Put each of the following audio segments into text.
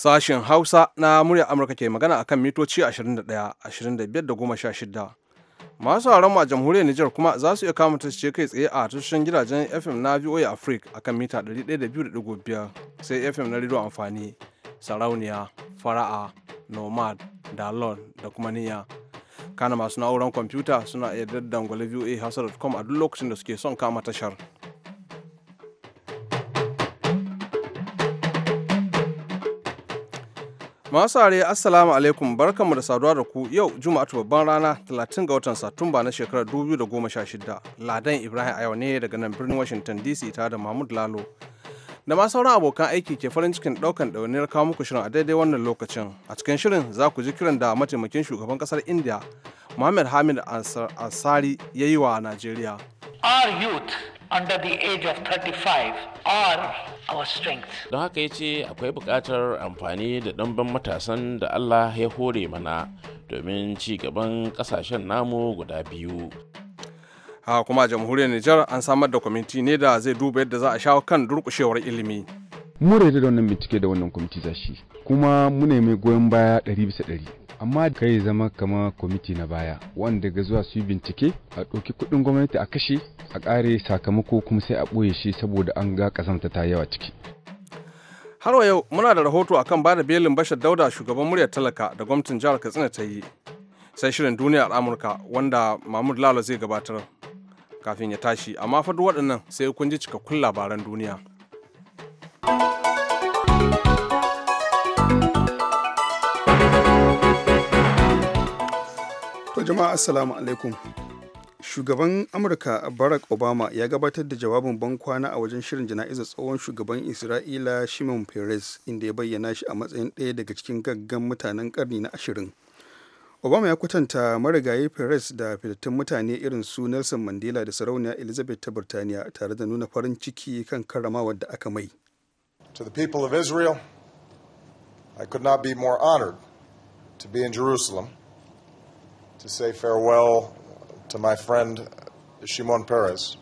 Sashen Hausa na murya Amurka ke magana akan mitoci 21, 25 da 16. Masu haramu a jamhuriyar Nijar kuma za su iya kama ce kai tsaye a tashoshin gidajen FM na VOA Africa akan mita 102.5 sai FM na rediyo amfani, sarauniya, fara'a, nomad, dalon da kuma niyya. Kana masu na'urar kwamfuta suna iya daddangwale VOA Hausa.com a duk lokacin da suke son kama tashar. Masu are assalamu alaikum barkanmu da saduwa da ku yau Juma'atu babban rana 30 ga watan Satumba na shekarar 2016. Ladan Ibrahim a yau ne daga nan birnin Washington DC tare da Mahmud Lalo. Da ma sauran abokan aiki ke farin cikin daukan ɗauniyar kawo muku shirin a daidai wannan lokacin. A cikin shirin za ku ji kiran da mataimakin shugaban kasar India Muhammad Hamid Ansari ya yi wa Najeriya. Our youth under the age of 35 are our strength. Don haka ya ce akwai buƙatar amfani da ɗanban matasan da Allah ya hore mana domin ci gaban ƙasashen namu guda biyu. A kuma jamhuriyar Nijar an samar da kwamiti ne da zai duba yadda za a shawo kan durƙushewar ilimi. Mu da wannan bincike da wannan kwamiti za kuma mu ne mai goyon baya ɗari bisa ɗari. amma kai zama kama kwamiti na baya wanda ga zuwa su bincike a ɗauki kuɗin gwamnati a kashe a ƙare sakamako kuma sai a ɓoye shi saboda an ga ƙazanta ta yawa ciki har wa yau muna da rahoto a kan bada belin bashar dauda shugaban muryar talaka da gwamnatin jihar katsina ta yi sai shirin duniya a amurka wanda mahmud lalo zai gabatar kafin ya tashi amma fa waɗannan sai kun ji cikakkun labaran duniya. thank you jama'a assalamu alaikum shugaban amurka barack obama ya gabatar da jawabin ban kwana a wajen shirin jana'izar tsohon shugaban isra'ila shimon peres inda ya bayyana shi a matsayin ɗaya daga cikin gaggan mutanen karni na ashirin obama ya kwatanta marigayi peres da fitattun mutane irin su nelson mandela da sarauniya elizabeth ta birtaniya tare da nuna farin ciki kan karamawar da aka mai to the people of israel i could not be more honored to be in jerusalem to say farewell to my friend Shimon Peres.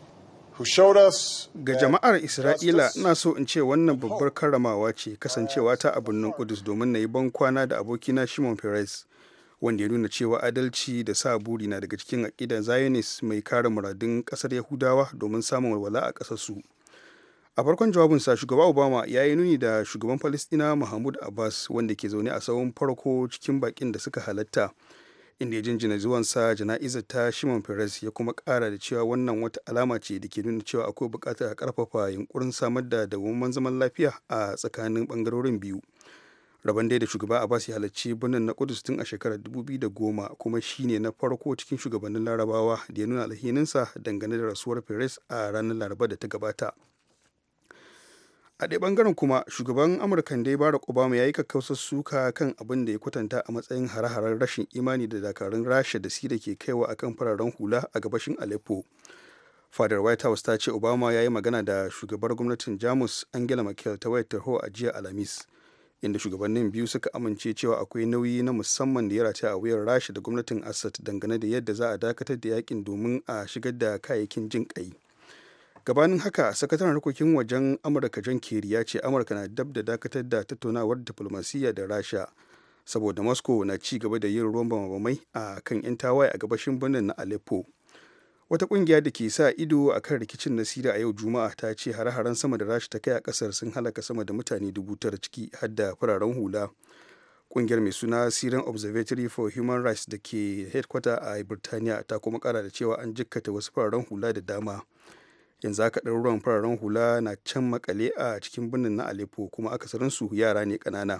Ga jama'ar Isra'ila ina so in ce wannan babbar karamawa ce kasancewa ta a birnin Kudus domin na yi ban kwana da abokina Shimon Peres wanda ya nuna cewa adalci da sa buri na daga cikin aƙidar Zionist mai kare muradun ƙasar Yahudawa domin samun walwala a ƙasarsu. A farkon jawabin sa shugaba Obama ya yi nuni da shugaban Falistina Mahmud Abbas wanda ke zaune a tsawon farko cikin baƙin da suka halatta. inda ya jinjina zuwansa jana'izar ta shimon peres ya kuma kara da cewa wannan wata alama ce da ke nuna cewa akwai bukatar a karfafa yunkurin samar da dawamman zaman lafiya a tsakanin bangarorin biyu rabon dai da shugaba abbas ya halarci birnin na kudus tun a shekarar 2010 kuma shine na farko cikin shugabannin larabawa da ya nuna alhininsa dangane da rasuwar peres a ranar laraba da ta gabata a ɗaya bangaren kuma shugaban amurka dai barack obama ya yi kakkausar suka kan abin da ya kwatanta a matsayin hare-haren rashin imani da dakarun rasha da si da ke kaiwa a kan fararen hula a gabashin aleppo fadar white house ta ce obama ya yi magana da shugabar gwamnatin jamus angela merkel ta wayar tarho a jiya alhamis inda shugabannin biyu suka amince cewa akwai nauyi na musamman da ya rataya a wuyar rasha da gwamnatin assad dangane da yadda za a dakatar da yakin domin a shigar da kayayyakin jin gabanin haka sakataren harkokin wajen amurka john kerry ya ce amurka na dab da dakatar da tattaunawar diplomasiyya da rasha saboda moscow na ci gaba da yin ruwan bamabamai a kan 'yan tawaye a gabashin birnin na aleppo wata kungiya da ke sa ido a kan rikicin na siriya a yau juma'a ta ce hare-haren sama da rasha ta kai a kasar sun halaka sama da mutane dubu tara ciki har da fararen hula kungiyar mai suna siren observatory for human rights da ke headquarter a birtaniya ta kuma kara da cewa an jikkata wasu fararen hula da dama yanzu ɗan ruwan fararen hula na can makale a cikin birnin na aleppo kuma akasarinsu yara ne ƙanana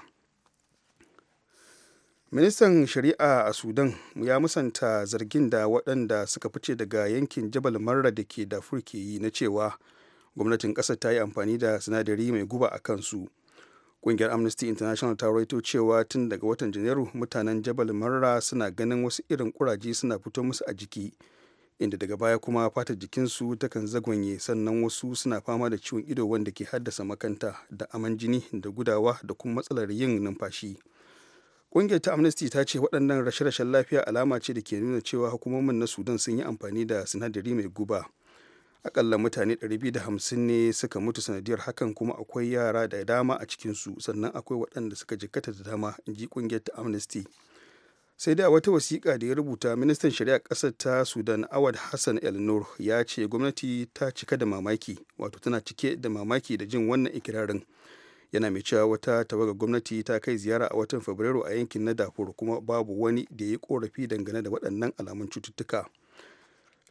ministan shari'a a sudan ya musanta zargin da waɗanda suka fice daga yankin jabal marra da ke dafur ke yi na cewa gwamnatin ƙasar ta yi amfani da sinadari mai guba a kansu ƙungiyar amnesty international ta raito cewa tun daga watan janairu mutanen jabal marra suna ganin wasu irin kuraje suna fito musu a jiki inda daga baya kuma fatar jikinsu takan zagwanye sannan wasu suna fama da ciwon ido wanda ke haddasa makanta da aman jini da gudawa da kuma matsalar yin numfashi ƙungiyar ta amnesty ta ce waɗannan rashe-rashen lafiya alama ce da ke nuna cewa hukumomin na sudan sun yi amfani da sinadari mai guba akalla mutane 250 ne suka mutu sanadiyar hakan kuma akwai yara da dama a cikinsu sannan akwai waɗanda suka jikkata da dama in ji ƙungiyar ta amnesty sai da a wata wasiƙa da ya rubuta ministan shari'a ƙasar ta sudan awad hassan el nur ya ce gwamnati ta cika da mamaki wato tana cike da mamaki da jin wannan ikirarin yana mai cewa wata tawaga gwamnati ta kai ziyara a watan fabrairu a yankin na dafur kuma babu wani da ya yi korafi dangane da waɗannan alamun cututtuka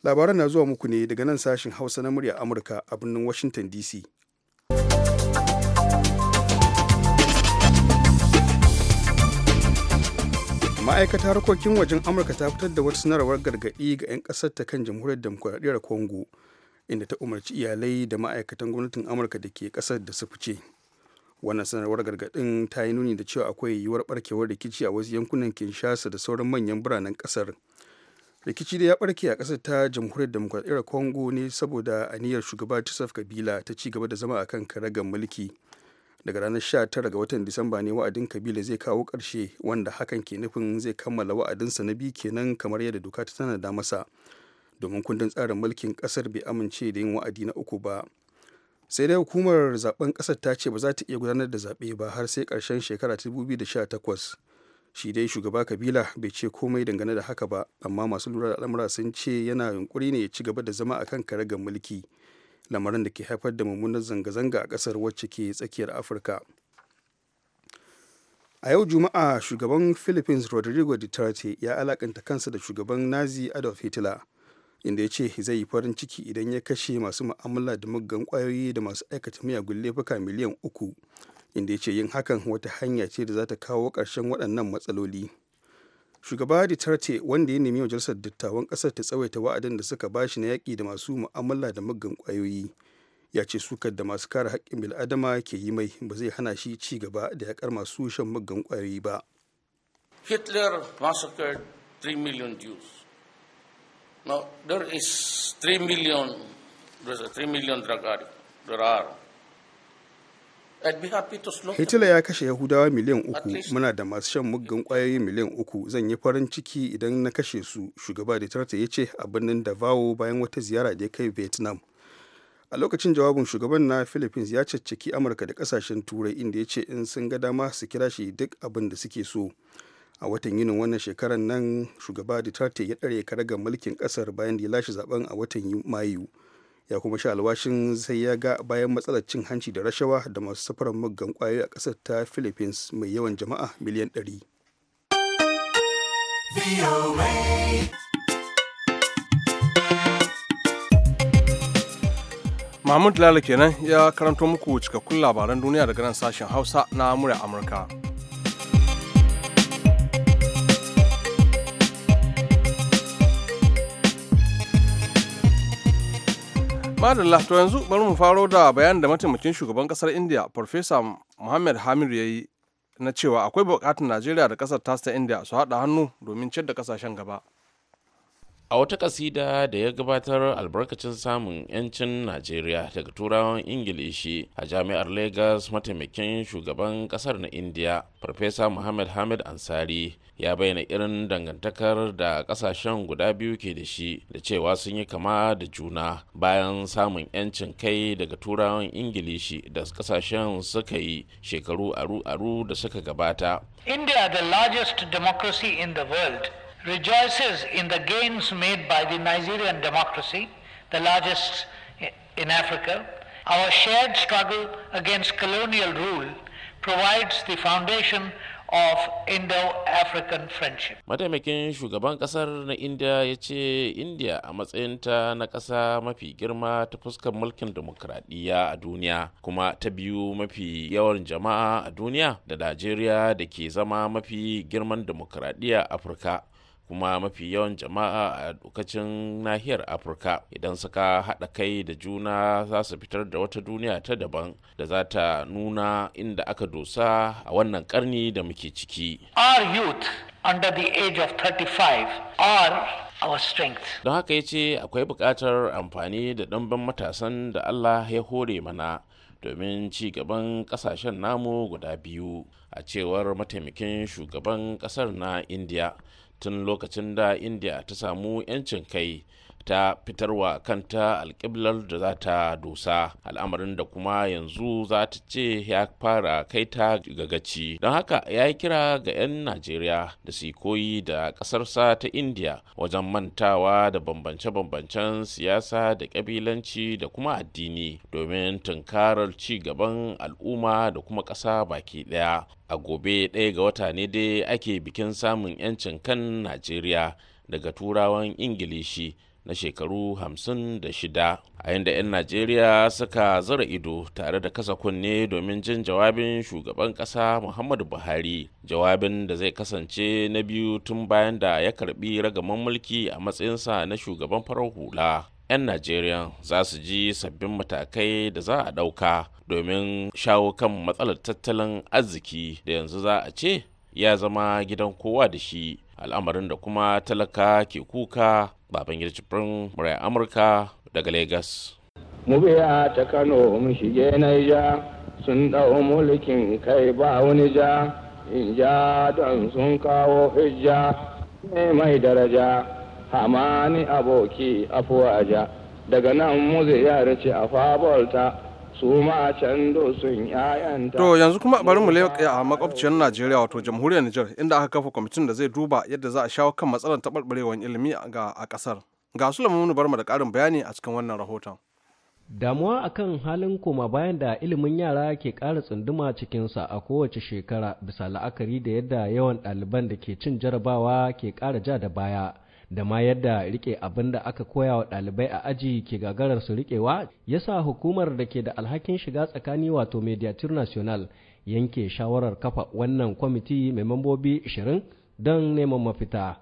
labaran na zuwa muku ne daga nan sashen hausa na murya amurka a birnin washington dc ma'aikata harkokin wajen amurka ta fitar da wata sanarwar gargaɗi ga 'yan ƙasar ta kan jamhuriyar demokuraɗiyyar congo inda ta umarci iyalai da ma'aikatan gwamnatin amurka da ke ƙasar da su fice wannan sanarwar gargaɗin ta yi nuni da cewa akwai yiwuwar barkewar rikici a wasu yankunan kinshasa da sauran manyan biranen ƙasar rikici da ya barke a ƙasar ta jamhuriyar demokuraɗiyyar congo ne saboda aniyar shugaba joseph kabila ta ci gaba da zama akan karagar mulki daga ranar 19 ga watan disamba ne wa'adin kabila zai kawo ƙarshe wanda hakan ke nufin zai kammala wa'adinsa na biyu kenan kamar yadda doka ta da masa domin kundin tsarin mulkin ƙasar bai amince da yin wa'adi na uku ba sai dai hukumar zaben ƙasar ta ce ba za ta iya gudanar da zaɓe ba har sai karshen shekara 2018 shi dai shugaba kabila bai ce komai dangane da haka ba amma masu lura da al'amura sun ce yana yunkuri ne ya ci gaba da zama akan karagar mulki lamarin da ke haifar da mummunan zanga-zanga a ƙasar wacce ke tsakiyar afirka a yau juma'a shugaban philippines rodrigo duterte ya alakanta kansa da shugaban nazi adolf hitler inda ya ce zai yi farin ciki idan ya kashe masu mu'amala da muggan kwayoyi da masu aikata miyagun laifuka miliyan uku inda ya ce yin hakan wata hanya ce da za ta kawo ƙarshen waɗannan matsaloli shugaba duterte wanda ya nemi majalisar dattawan kasar ta tsawaita wa'adin da suka bashi na yaƙi da masu mu'amala da muggan ƙwayoyi ya ce sukar da masu kare haƙƙin bil'adama ke yi mai ba zai hana shi ci gaba da yaƙar masu shan muggan ƙwayoyi ba hitler massacred 3 million jews now there is 3 million there's a 3 million drug addict there are Hitler ya kashe Yahudawa miliyan uku, muna da masu shan muggan kwayoyi miliyan uku, zan yi farin ciki idan na kashe su, shugaba Duterte ya ce a birnin Davao bayan wata ziyara da ya kai Vietnam. A lokacin jawabin shugaban na Philippines ya caccaki Amurka da kasashen Turai inda ya ce in sun ga dama su kira shi duk abin da suke so. A watan Yunin wannan shekarar nan shugaba Duterte ya ɗare karagar mulkin ƙasar bayan da ya lashe zaben a watan Mayu. ya kuma sha alwashin sai ya ga bayan matsalar cin hanci da rashawa da masu safarar muggan kwayoyi a ƙasar ta philippines mai yawan jama'a miliyan 100 Mahmud Lalo kenan ya karanto muku cikakkun labaran duniya daga nan sashen Hausa na murya Amurka. madalla to yanzu bari mu faro da bayanin da mataimakin shugaban kasar india farfesa muhammad hamir ya yi na cewa akwai bukatar najeriya da kasar tasta india su haɗa hannu domin ciyar da ƙasashen gaba a wata kasida da ya gabatar albarkacin samun 'yancin najeriya daga turawan ingilishi a jami'ar lagos mataimakin shugaban kasar na india farfesa muhammad hamid ansari ya bayyana irin dangantakar da kasashen guda biyu ke da shi da cewa sun yi kama da juna bayan samun 'yancin kai daga turawan ingilishi da kasashen suka yi shekaru aru-aru da suka gabata india the largest democracy in the world rejoices in the gains made by the Nigerian democracy, the largest in Africa. Our shared struggle against colonial rule provides the foundation of Indo-African friendship. Mataimakin shugaban kasar na India ya ce India a matsayinta na ƙasa mafi girma ta fuskar mulkin demokradiyya a duniya kuma ta biyu mafi yawan jama'a a duniya da Najeriya da ke zama mafi girman demokradiyya Afirka. kuma mafi yawan jama'a a dokacin nahiyar afirka idan suka haɗa kai da juna za su fitar da wata duniya ta daban da za ta nuna inda aka dosa a wannan karni da muke ciki our youth under the age of 35 are our strength. Don haka ya ce akwai buƙatar amfani da ɗanben matasan da Allah ya hore mana domin ci gaban ƙasashen namu guda biyu a cewar mataimakin shugaban ƙasar na India. tun lokacin da india ta samu 'yancin kai ta fitarwa kanta alƙiblar da za ta dosa al'amarin da kuma yanzu za ta ce ya fara kai ta gagaci don haka ya yi kira ga 'yan najeriya da su koyi da ƙasarsa ta indiya wajen mantawa da bambance-bambancen siyasa da ƙabilanci da kuma addini domin tunkarar ci gaban al'umma da kuma ƙasa baki ɗaya a gobe ɗaya ga wata ne dai ake bikin samun 'yancin kan najeriya daga turawan ingilishi na shekaru 56 a yadda 'yan najeriya suka zara ido tare da kasa kunne domin jin jawabin shugaban kasa muhammadu buhari jawabin da zai kasance na biyu tun bayan da ya karbi ragaman mulki a matsayinsa na shugaban farar hula 'yan najeriya za su ji sabbin matakai da za a ɗauka domin shawo kan matsalar tattalin arziki da yanzu za a ce ya zama gidan kowa da shi al'amarin da kuma talaka ke kuka Babangida Cifrin Murai Amurka daga Legas. Mu biya ta Kano mu shige Naija sun ɗau mulkin kai ba wani ja in ja don sun kawo hijja ne mai daraja hamani aboki afuwa ja daga nan mu ziyarci a fabolta To yanzu kuma bari mu leƙa a makwabciyar Najeriya wato jamhuriyar Nijar inda aka kafa kwamitin da zai duba yadda za a shawo kan matsalar taɓarɓarewar ilimi ga a ƙasar. Ga su lamuni bar da ƙarin bayani a cikin wannan rahoton. Damuwa akan halin koma bayan da ilimin yara ke ƙara tsunduma cikinsa a kowace shekara bisa la'akari da yadda yawan ɗaliban da ke cin jarabawa ke ƙara ja da baya. da ma yadda rike abin da aka koya wa ɗalibai a aji ke gagarar su rikewa ya sa hukumar da ke da alhakin shiga tsakani wato mediatur national yanke shawarar kafa wannan kwamiti mai mambobi 20 don neman mafita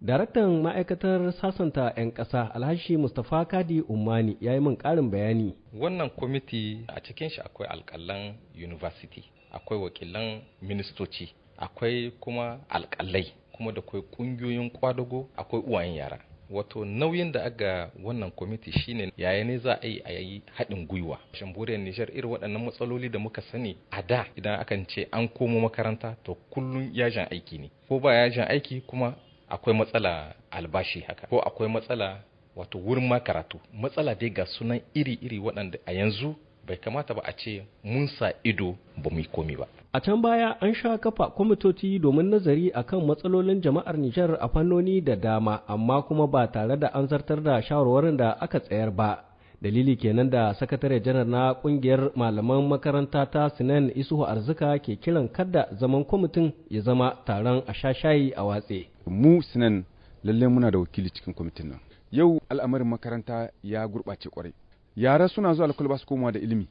daraktan ma'aikatar sasanta 'yan ƙasa alhashi mustapha kadi umani ya yi min ƙarin bayani wannan kwamiti a cikin shi akwai alƙalan university akwai wakilan ministoci akwai kuma alƙallai. kuma da kwai kungiyoyin kwadago akwai uwayen yara wato nauyin da aga wannan kwamiti shine yaya ne za a yi a yi haɗin gwiwa shamburiyar nijar irin waɗannan matsaloli da muka sani a da idan akan ce an komo makaranta to kullum yajin aiki ne ko ba yajin aiki kuma akwai matsala albashi haka ko akwai matsala wato wurin ma karatu matsala dai ga sunan iri-iri waɗanda a yanzu bai kamata ba a ce mun sa ido ba mu yi komi ba a can baya an sha kafa kwamitoci domin nazari a kan matsalolin jama'ar nijar a fannoni da dama amma kuma ba tare da an zartar da shawarwarin da aka tsayar ba dalili kenan da sakatare janar na kungiyar malaman makaranta ta sinan isuhu arzika ke kiran kada zaman kwamitin ya zama taron a shashayi a watse mu sinan lalle muna da wakili cikin kwamitin nan yau al'amarin makaranta ya gurɓace kwarai yara suna zuwa alkul ba su komawa da ilimi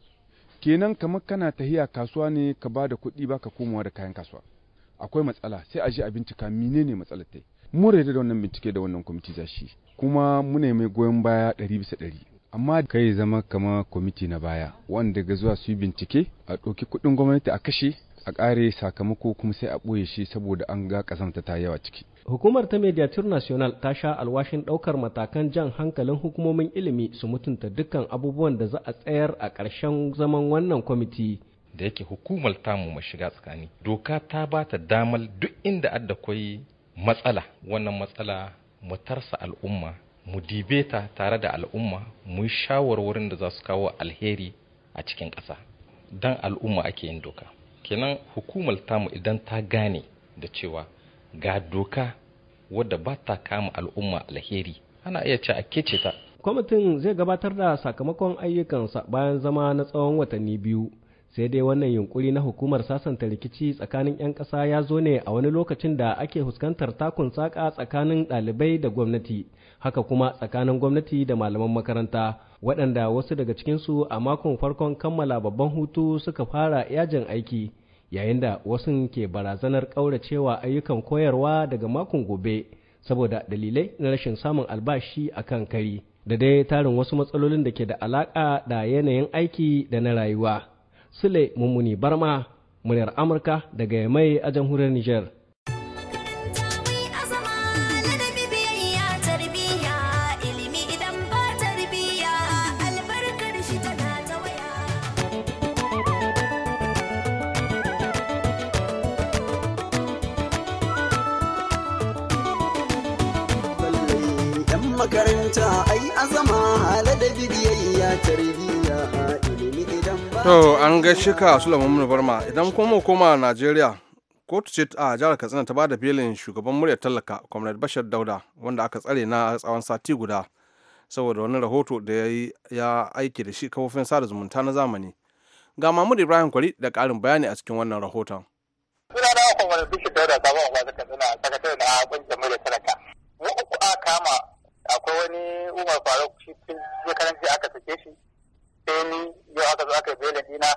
kenan kamar kana tahiya kasuwa ne ka ba da kuɗi ba ka komawa da kayan kasuwa akwai matsala sai a je a bincika menene matsalar ta mu rede da wannan bincike da wannan kwamiti za shi kuma muna mai goyon baya ɗari bisa ɗari amma kai zama kama kwamiti na baya wanda ga zuwa su yi bincike a ɗauki kuɗin gwamnati a kashe a ƙare sakamako kuma sai a ɓoye shi saboda an ga ƙazanta ta yawa ciki hukumar ta mediatur national ta sha alwashin ɗaukar matakan jan hankalin hukumomin ilimi su mutunta dukkan abubuwan da za a tsayar a ƙarshen zaman wannan kwamiti da yake hukumar tamu mu shiga tsakani doka ta ba ta damar duk inda adda kwai matsala wannan matsala mu tarsa al'umma mu dibe ta tare da al'umma mu yi shawarwarin da za su kawo alheri a cikin ƙasa don al'umma ake yin doka kenan hukumar tamu idan ta gane da cewa ga doka wadda ba ta kama al'umma alheri ana iya ce a kece ta kwamitin zai gabatar da sakamakon ayyukansa bayan zama na tsawon watanni biyu sai dai wannan yunkuri na hukumar sasanta rikici tsakanin 'yan ƙasa ya zo ne a wani lokacin da ake fuskantar takun saƙa tsakanin ɗalibai da gwamnati haka kuma tsakanin gwamnati da malaman makaranta waɗanda wasu daga cikinsu a makon farkon kammala babban hutu suka fara yajin aiki yayin da wasu ke barazanar ƙauracewa ayyukan koyarwa daga makon gobe saboda dalilai na rashin samun albashi a kan kari da dai tarin wasu matsalolin da ke da alaƙa da yanayin aiki da na rayuwa. Sule Mummuni Barma, muryar Amurka daga mai a jamhuriyar Nijar. to an shika ka Sulaiman Barma idan kuma koma Najeriya kotu ce a jihar katsina ta bada belin shugaban muryar talaka comrade bashar dauda wanda aka tsare na tsawon sati guda saboda wani rahoto da ya aiki da shi kafofin sada zumunta na zamani ga mahmud ibrahim kwari da karin bayani a cikin wannan rahoton da kwamar Bashir dauda sabon wa katsina sakatare na kungiyar muryar talaka mu uku a kama akwai wani umar faruk shi tun shekaran aka sake shi sai ni yau aka zo aka bela dina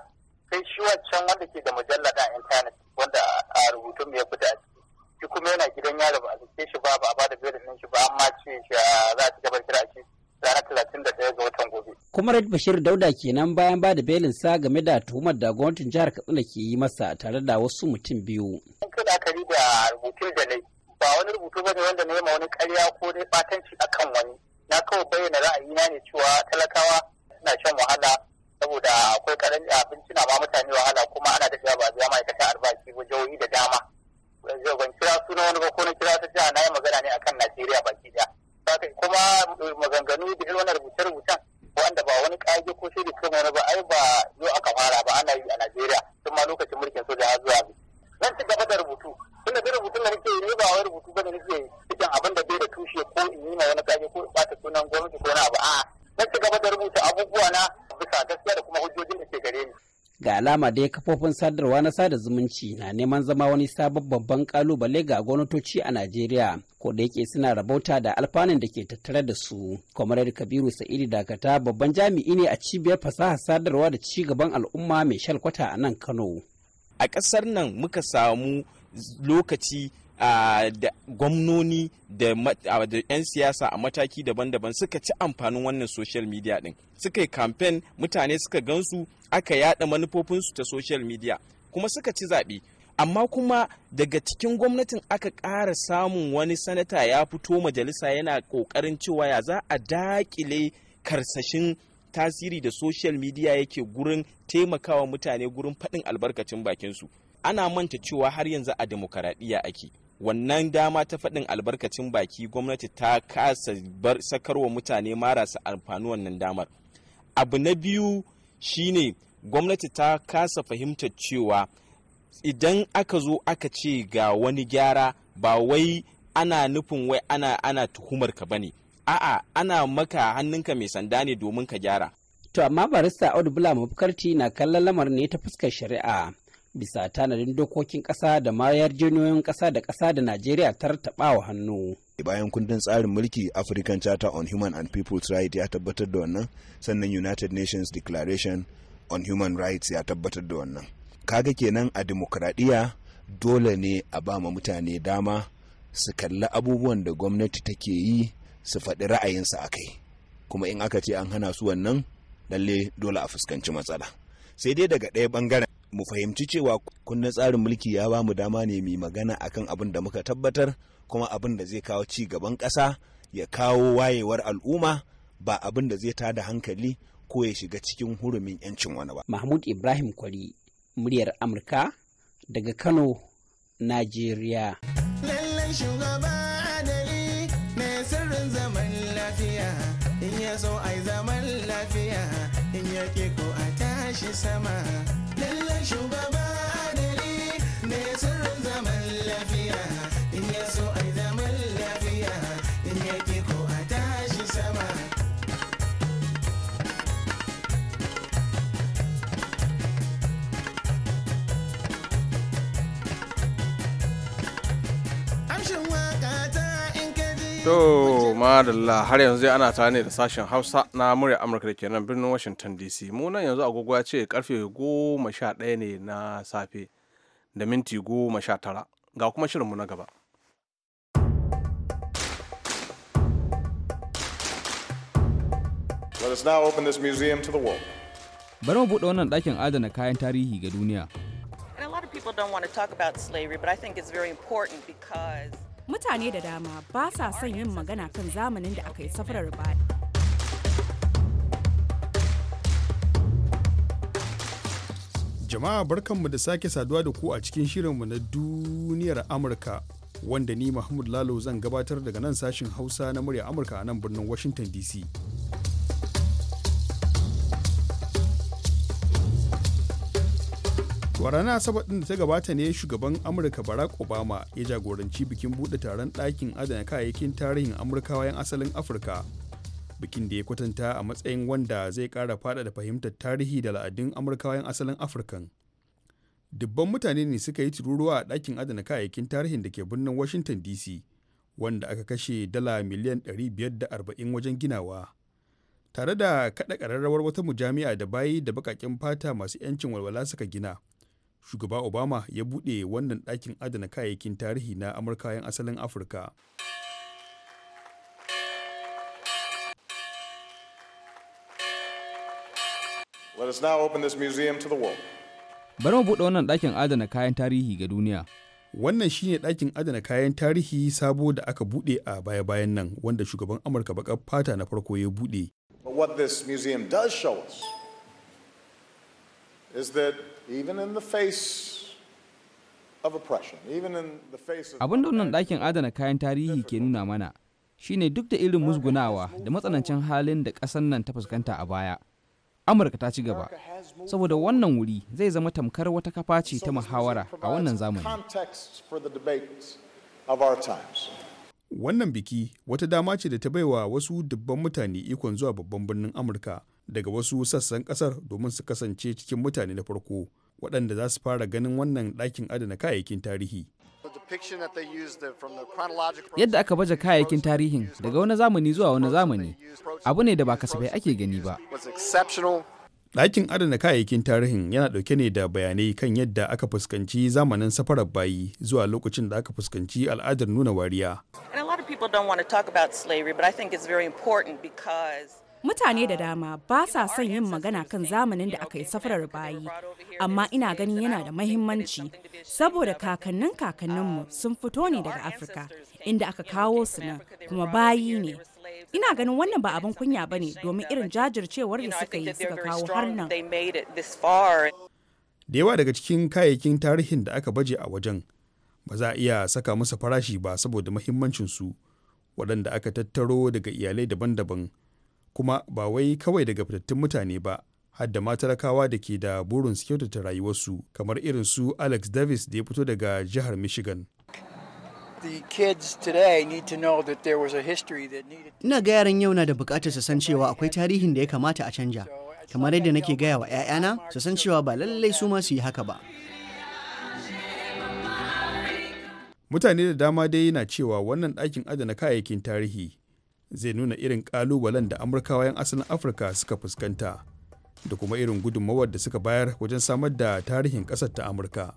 sai shi wancan wanda ke da mujalla da intanet wanda a rubutun mai fita a ciki shi kuma yana gidan yaro ba a sake shi ba ba a bada bela din shi ba amma ce shi ah, za a ci gaba kira shi ranar talatin da ɗaya ga watan gobe. kuma red bashir dauda kenan bayan ba da belin sa game da tuhumar da gwamnatin jihar katsina ke yi masa tare da wasu mutum biyu. kun kada da rubutun da laifi ba wani rubutu ba ne wanda na ma wani karya ko dai batanci a kan wani na kawai bayyana ra'ayina ne cewa talakawa suna shan wahala saboda akwai karanci abinci na ba mutane wahala kuma ana da ba biya ma'aikata albashi ba jihohi da dama ban kira suna wani ba ko na kira ta jiha na yi magana ne akan najeriya baki daya kuma maganganu da irin wannan rubuce-rubucen wanda ba wani ƙage ko shiri kan wani ba ai ba yau aka fara ba ana yi a najeriya tun ma lokacin mulkin soja har zuwa zan ci gaba da rubutu abin da bai rubutun da nake yi ne ba wai rubutu bane nake cikin abin da bai da tushe ko in yi ma wani kaje ko in bata sunan gwamnati ko na abu a'a na ci gaba da rubuta abubuwa na bisa gaskiya da kuma hujjojin da ke gare ni ga alama dai kafofin sadarwa na sada zumunci na neman zama wani sabon babban kalubale ga gwamnatoci a najeriya ko da yake suna rabauta da alfanun da ke tattare da su kwamarar kabiru sa'idu dakata babban jami'i ne a cibiyar fasahar sadarwa da ci gaban al'umma mai shalkwata a nan kano a ƙasar nan muka samu lokaci da gwamnoni da 'yan siyasa a mataki daban-daban suka ci amfanin wannan social media din suka yi kamfen mutane suka gansu aka yada manufofinsu ta social media kuma suka ci zaɓe amma kuma daga cikin gwamnatin aka ƙara samun wani sanata ya fito majalisa yana ƙoƙarin cewa ya za a daƙile karsashin tasiri da social media yake gurin taimakawa mutane gurin faɗin albarkacin bakinsu ana manta cewa har yanzu a demokaradiyya ake wannan dama ta faɗin albarkacin baki gwamnati ta kasa sakarwa mutane marasa amfani wannan damar abu na biyu shine gwamnati ta kasa fahimtar cewa idan aka zo aka ce ga wani gyara ba wai ana nufin wai ana ana tuhumar ka bane a'a ana maka hannunka mai sanda ne domin ka gyara to amma barista Audu Bula Mafukarti na kallon lamar ne ta fuskar shari'a bisa tanadin dokokin ƙasa da mayar yarjejeniyoyin ƙasa da ƙasa da Najeriya ta rattaɓa hannu. bayan kundin tsarin mulki African Charter on Human and People's Rights ya tabbatar da wannan sannan United Nations Declaration on Human Rights ya tabbatar da wannan. Kaga kenan a demokradiyya dole ne a ba ma mutane dama su kalli abubuwan da gwamnati take yi su faɗi ra'ayinsa a kai kuma in aka ce an hana su wannan lalle dole a fuskanci matsala sai dai daga ɗaya bangaren mu fahimci cewa kundin tsarin mulki ya ba mu dama ne mai magana akan abin da muka tabbatar kuma abin da zai kawo ci gaban ƙasa ya kawo wayewar al'umma ba abin da zai tada hankali ko ya shiga cikin hurumin 'yancin wani ba. Mahmud Ibrahim Kwari, muryar Amurka daga Kano, Najeriya. Lallai shugaba adali mai sirrin zaman lafiya, in ya so ai zaman lafiya, in ya ko a tashi sama. To madalla har yanzu ana tare ne da sashen Hausa na murya Amurka da kenan birnin Washington DC. Mu nan yanzu agogo ya ce karfe goma sha ɗaya ne na safe da minti goma sha tara. Ga kuma shirinmu na gaba. Let us now open this museum to the world. Bari mu buɗe wannan ɗakin adana kayan tarihi ga duniya. And a lot of people don't want to talk about slavery, but I think it's very important because mutane da dama ba sa son yin magana kan zamanin da aka yi safarar ba jama'a barkanmu da sake saduwa da ku a cikin shirinmu na duniyar amurka wanda ni mahmud lalo zan gabatar daga nan sashin hausa na murya amurka a nan birnin washington dc kwarana Asabar ɗin da ta gabata ne shugaban Amurka Barack Obama ya jagoranci bikin buɗe taron ɗakin adana kayayyakin tarihin amurka asalin Afirka. Bikin da ya kwatanta a matsayin wanda zai ƙara faɗa da fahimtar tarihi da la'adun amurka asalin Afirkan. Dubban mutane ne suka yi tururuwa a ɗakin adana kayayyakin tarihin da ke birnin Washington DC, wanda aka kashe dala miliyan 540 wajen ginawa. Tare da kaɗa ƙararrawar wata mujami'a da bayi da baƙaƙen fata masu 'yancin walwala suka gina. shugaba obama ya buɗe wannan ɗakin adana kayayyakin tarihi na amurka 'yan asalin afirka Bari mu buɗe wannan ɗakin adana kayan tarihi ga duniya. Wannan shine ɗakin adana kayan tarihi sabo da aka buɗe a baya-bayan nan wanda shugaban Amurka baƙar fata na farko ya buɗe. what this museum does Abin da wannan ɗakin adana kayan tarihi ke nuna mana shine duk da irin musgunawa da matsanancin halin da ƙasar nan ta fuskanta a baya. Amurka ta ci gaba, saboda wannan wuri zai zama tamkar wata kafa ce ta muhawara a wannan zamani. Wannan biki wata dama ce da ta baiwa wasu dubban mutane ikon zuwa babban birnin Amurka daga wasu sassan kasar domin su kasance cikin mutane na farko waɗanda za su fara ganin wannan ɗakin adana kayayyakin tarihi. Yadda aka baje kayayyakin tarihin daga wani zamani zuwa wani zamani abu ne da ba kasafai ake gani ba. Ɗakin adana kayayyakin tarihin yana ɗauke ne da bayanai kan yadda aka fuskanci zamanin safarar bayi zuwa lokacin da aka fuskanci al'adar nuna wariya. mutane da dama ba sa son yin magana kan zamanin da aka yi safarar bayi amma ina ganin yana da mahimmanci saboda kakannin kakanninmu sun fito ne daga afirka inda aka kawo su nan kuma bayi ne ina ganin wannan ba abin kunya ba ne domin irin jajircewar da suka yi suka kawo har nan da yawa daga cikin kayayyakin tarihin da aka baje a wajen ba za a iya saka masa farashi ba saboda mahimmancinsu waɗanda aka tattaro daga iyalai daban-daban kuma ba wai kawai daga fitattun mutane ba hadda da da ke da burin su kyautata rayuwarsu kamar irin su alex davis da ya fito daga jihar michigan ina ga yaran yau na da bukatar su san cewa akwai tarihin da ya kamata a canja kamar yadda nake gaya wa 'ya'yana su san cewa ba lallai su ma su yi haka ba mutane da dama dai na cewa wannan ɗakin adana kayayyakin tarihi zai nuna irin ƙalubalen da amurkawa 'yan asalin afirka suka fuskanta da kuma irin gudunmawar da suka bayar wajen samar da tarihin ƙasar ta amurka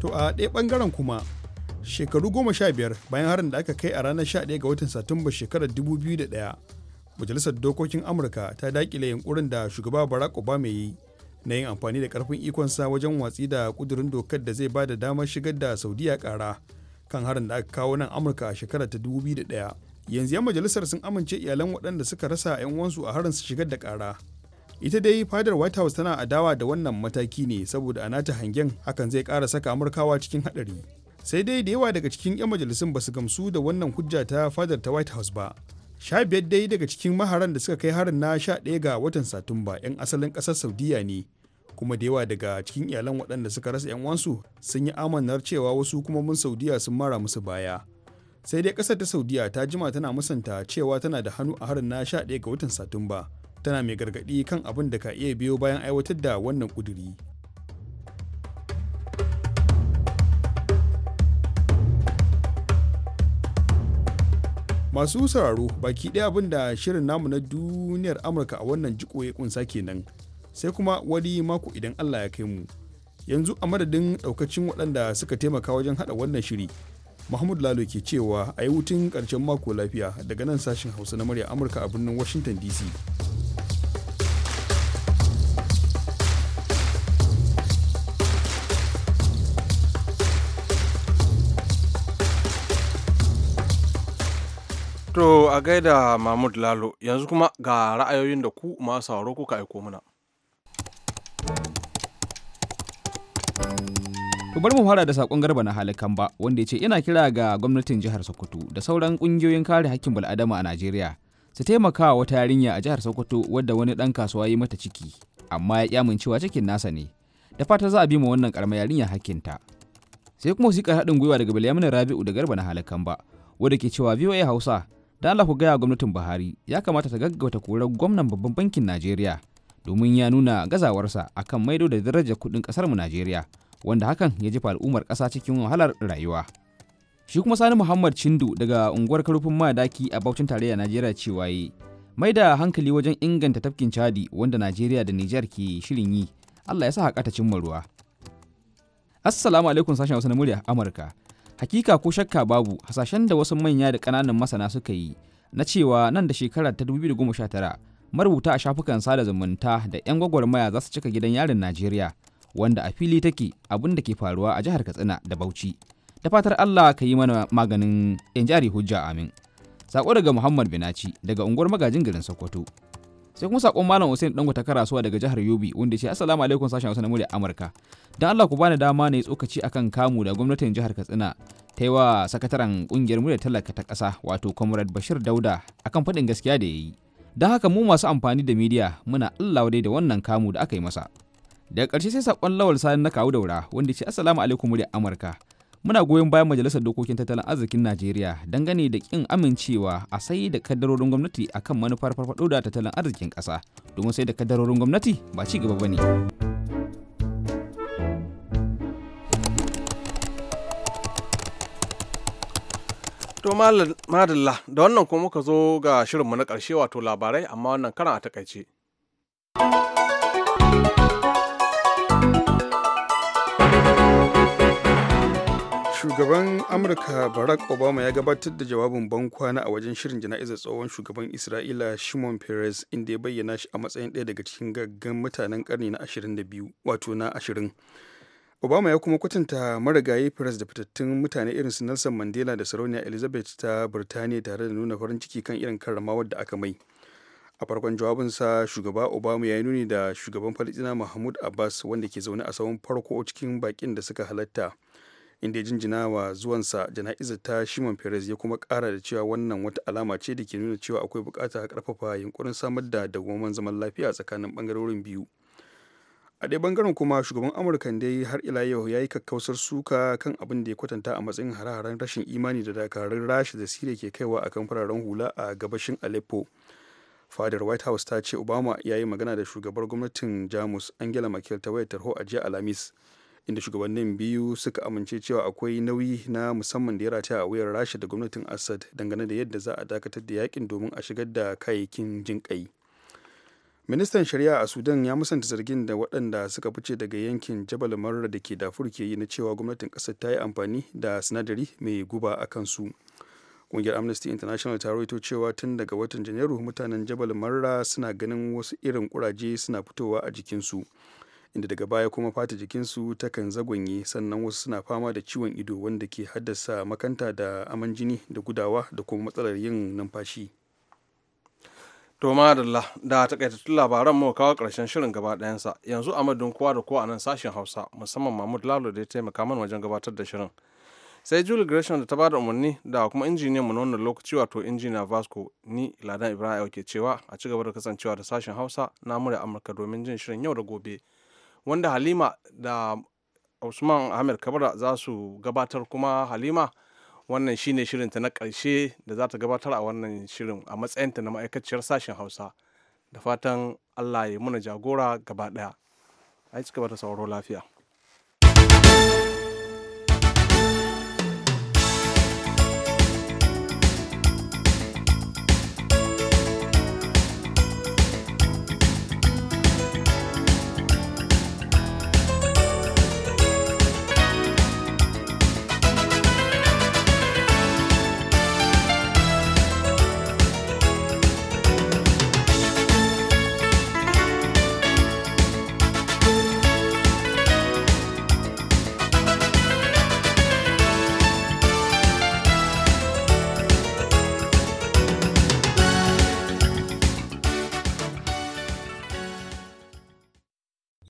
to a ɗaya ɓangaren kuma shekaru goma sha biyar bayan harin da aka kai a ranar sha 11 ga watan satumba shekarar dubu biyu da 2001 majalisar dokokin amurka ta dakile yunkurin da shugaba barack obama yi na yin amfani da karfin ikonsa wajen watsi da kudurin dokar da zai ba da damar shigar da saudiya kara kan harin da aka kawo nan amurka a shekarar ta 2001 yanzu yan majalisar sun amince iyalan waɗanda suka rasa 'yan a harin su shigar da kara ita dai fadar white house tana adawa da wannan mataki ne saboda a nata hangen hakan zai kara saka amurkawa cikin hadari sai dai da yawa daga cikin 'yan majalisun ba su gamsu da wannan hujja ta fadar ta white house ba sha biyar dai daga cikin maharan da suka kai harin na sha ɗaya ga watan satumba 'yan asalin ƙasar saudiya ne kuma da yawa daga cikin iyalan waɗanda suka rasa 'yan uwansu sun yi amanar cewa wasu kuma mun saudiya sun mara musu baya sai dai ƙasar ta saudiya ta jima tana musanta cewa tana da hannu a harin na 11 ga watan satumba tana mai gargaɗi kan abin da ka iya biyo bayan aiwatar da wannan ƙuduri masu sauraro baki ɗaya abin da shirin namu na duniyar amurka a wannan jiko ya kunsa kenan sai kuma wani mako idan allah ya kai mu yanzu a madadin ɗaukacin waɗanda suka taimaka wajen haɗa wannan shiri mahmud lalo ke cewa a yi hutun ƙarshen mako lafiya daga nan sashen hausa na murya amurka a birnin washington dc To a gaida Mahmud Lalo yanzu kuma ga ra'ayoyin da ku masu sauro kuka aiko mana. To bari mu fara da sakon garba na halikan ba wanda ya ce ina kira ga gwamnatin jihar Sokoto da sauran ƙungiyoyin kare hakkin bil'adama a Najeriya su taimaka wa wata yarinya a jihar Sokoto wadda wani ɗan kasuwa yi mata ciki amma ya cewa cikin nasa ne da fata za a bi mu wannan karamar yarinya hakkinta. Sai kuma sika haɗin gwiwa daga Bilyamin Rabi'u da garba na halikan ba wanda ke cewa VOA Hausa da Allah ku gaya gwamnatin Buhari ya kamata ta gaggauta korar gwamnan babban bankin Najeriya domin ya nuna gazawarsa akan maido da darajar kuɗin ƙasar mu Najeriya wanda hakan ya jefa al'ummar ƙasa cikin wahalar rayuwa. Shi kuma Sani Muhammad Chindu daga unguwar Karfin Madaki a Bauchin Tarayya Najeriya cewa yi mai da hankali wajen inganta tafkin Chadi wanda Najeriya da Nijar ke shirin yi. Allah ya sa haƙa ta cimma ruwa. Assalamu alaikum sashen wasu na murya Amurka. hakika ko shakka babu hasashen da wasu manya da kananan masana suka yi na cewa nan da shekara ta 2019 marubuta a shafukan sada zumunta da 'yan gwagwarmaya za su cika gidan yarin najeriya wanda a fili take abin da ke faruwa a jihar katsina da bauchi da fatar allah ka yi mana maganin yan jari hujja amin sako daga muhammad binaci daga unguwar magajin garin sokoto sai kuma sakon malam Hussein Dango ta karasuwa daga jihar Yobe wanda ce assalamu alaikum sashen Hausa na murya Amurka dan Allah ku bani dama ne tsokaci akan kamu da gwamnatin jihar Katsina ta yi wa sakataren kungiyar murya talaka ta kasa wato Comrade Bashir Dauda akan faɗin gaskiya da ya yi don haka mu masu amfani da midiya muna Allah dai da wannan kamu da aka yi masa daga ƙarshe sai sakon lawal sani na kawo daura wanda ce assalamu alaikum murya Amurka muna goyon bayan majalisar dokokin tattalin arzikin najeriya dangane da kin amincewa a sai da kaddarorin gwamnati akan manufar farfaɗo da tattalin arzikin ƙasa domin sai da kaddarorin gwamnati ba ci gaba ba ne to madalla da wannan kuma muka zo ga shirinmu na ƙarshe wato labarai amma wannan karan a takaice. shugaban amurka barack obama ya gabatar da jawabin bankwana a wajen shirin jana'izar tsohon shugaban isra'ila shimon peres inda ya bayyana shi a matsayin ɗaya daga cikin gaggan mutanen karni na 22 wato na 20 obama ya kuma kwatanta marigayi peres da fitattun mutane irin su nelson mandela da sarauniya elizabeth ta birtaniya tare da nuna farin ciki kan irin karramawar da aka mai a farkon jawabinsa shugaba obama ya yi nuni da shugaban falistina mahmud abbas wanda ke zaune a tsawon farko cikin bakin da suka halatta inda ya jinjina wa zuwansa jana'izar ta shimon perez ya kuma kara da cewa wannan wata alama ce da ke nuna cewa akwai bukatar karfafa yunkurin samar da dagwamman zaman lafiya tsakanin bangarorin biyu a ɗaya bangaren kuma shugaban amurka dai har ila yau ya yi kakkausar suka kan abin da ya kwatanta a matsayin hare-haren rashin imani da dakarun rasha da siriya ke kaiwa a kan fararen hula a gabashin aleppo fadar white house ta ce obama ya yi magana da shugabar gwamnatin jamus angela merkel ta wayar tarho a jiya alhamis inda shugabannin biyu suka amince cewa akwai nauyi na musamman da ya rataya a wuyar rasha da gwamnatin assad dangane da yadda za a dakatar da yakin domin a shigar da kayayyakin jinƙai ministan shari'a a sudan ya musanta zargin da waɗanda suka fice daga yankin jabal marra da ke dafur ke yi na cewa gwamnatin ƙasar ta yi amfani da sinadari mai guba a kansu ƙungiyar amnesty international ta rawaito cewa tun daga watan janairu mutanen jabal marra suna ganin wasu irin kuraje suna fitowa a jikinsu inda daga baya kuma fata jikinsu takan zagonye sannan wasu suna fama da ciwon ido wanda ke haddasa makanta da aman jini da gudawa da kuma matsalar yin numfashi to madalla da takaitattun labaran mu kawo karshen shirin gaba ɗayansa yanzu a madun kowa da kowa a nan sashen hausa musamman mahmud lalo da ya taimaka mana wajen gabatar da shirin sai julie gresham da ta bada umarni da kuma injiniyan mu na wannan lokaci wato injiniya vasco ni ladan ibrahim ke cewa a ci gaba da kasancewa da sashen hausa na murya amurka domin jin shirin yau da gobe wanda halima da usman ahmed kabara za su gabatar kuma halima wannan shine shirinta na ƙarshe da za ta gabatar a wannan shirin a matsayinta na ma'aikaciyar sashen hausa da fatan allah ya muna jagora gaba ɗaya a cika ba da sauraro lafiya